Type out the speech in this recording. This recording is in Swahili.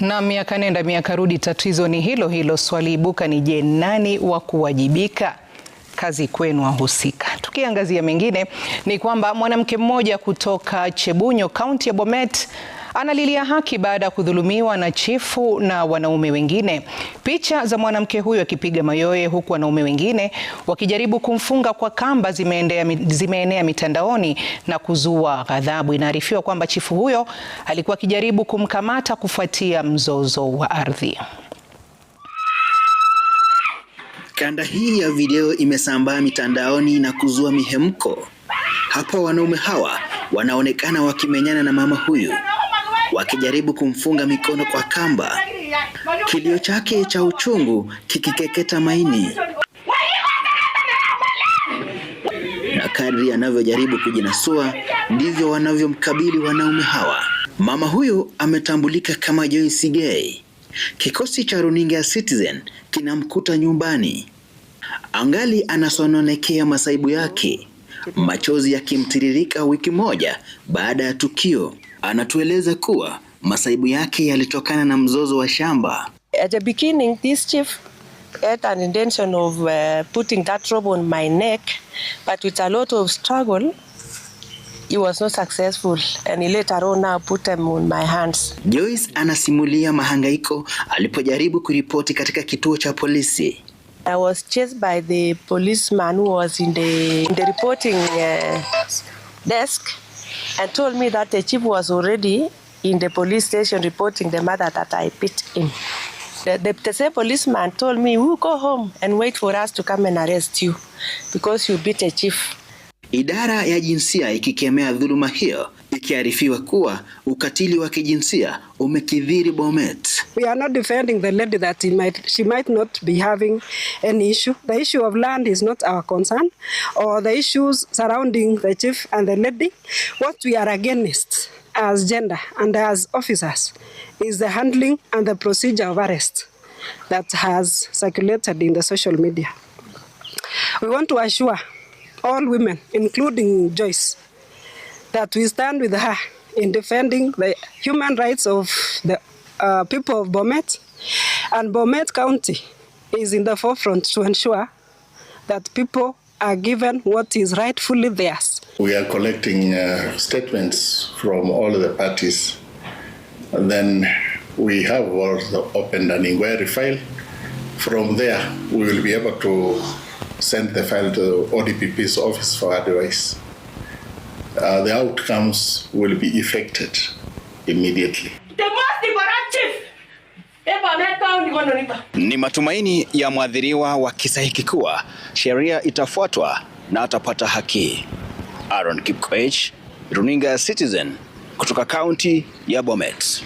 Na miaka nenda miaka rudi, tatizo ni hilo hilo. Swali ibuka ni je, nani wa kuwajibika? Kazi kwenu wahusika. Tukiangazia mengine, ni kwamba mwanamke mmoja kutoka Chebunyo, kaunti ya Bomet, Analilia haki baada ya kudhulumiwa na chifu na wanaume wengine. Picha za mwanamke huyo akipiga mayoye huku wanaume wengine wakijaribu kumfunga kwa kamba zimeenea mitandaoni na kuzua ghadhabu. Inaarifiwa kwamba chifu huyo alikuwa akijaribu kumkamata kufuatia mzozo wa ardhi. Kanda hii ya video imesambaa mitandaoni na kuzua mihemko. Hapa wanaume hawa wanaonekana wakimenyana na mama huyu wakijaribu kumfunga mikono kwa kamba, kilio chake cha uchungu kikikeketa maini. Na kadri anavyojaribu kujinasua ndivyo wanavyomkabili wanaume hawa. Mama huyu ametambulika kama Joyce Gay. Kikosi cha runinga ya Citizen kinamkuta nyumbani, angali anasononekea masaibu yake machozi yakimtiririka wiki moja baada ya tukio. Anatueleza kuwa masaibu yake yalitokana na mzozo wa shamba. At the beginning, this chief had an intention of uh, putting that rope on my neck, but with a lot of struggle, he was not successful and he later on now put them on my hands. Joyce anasimulia mahangaiko alipojaribu kuripoti katika kituo cha polisi. I was chased by the policeman who was in the, in the reporting uh, desk and told me that the chief was already in the police station reporting the mother that I beat him. The, the, the same policeman told me, we'll go home and wait for us to come and arrest you because you beat a chief. Idara ya jinsia ikikemea dhuluma hiyo ikiarifiwa kuwa ukatili wa kijinsia umekidhiri Bomet. We are not defending the lady that he might, she might not be having any issue. The issue of land is not our concern or the issues surrounding the chief and the lady. What we are against as gender and as officers is the handling and the procedure of arrest that has circulated in the social media. We want to assure all women, including Joyce, that we stand with her in defending the human rights of the uh, people of Bomet. And Bomet County is in the forefront to ensure that people are given what is rightfully theirs. We are collecting uh, statements from all the parties. And then we have also opened an inquiry file. From there, we will be able to send the file to ODPP's office for advice. uh, the outcomes will be affected immediately. The most important chief ever met on river. Ni matumaini ya mwadhiriwa wa kisa hiki kuwa sheria itafuatwa na atapata haki. Aaron Kipkoech, Runinga Citizen kutoka kaunti ya Bomet.